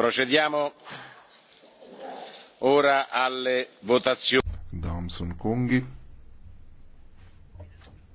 procediamo ora alle votazioni. Dāmas un kungi,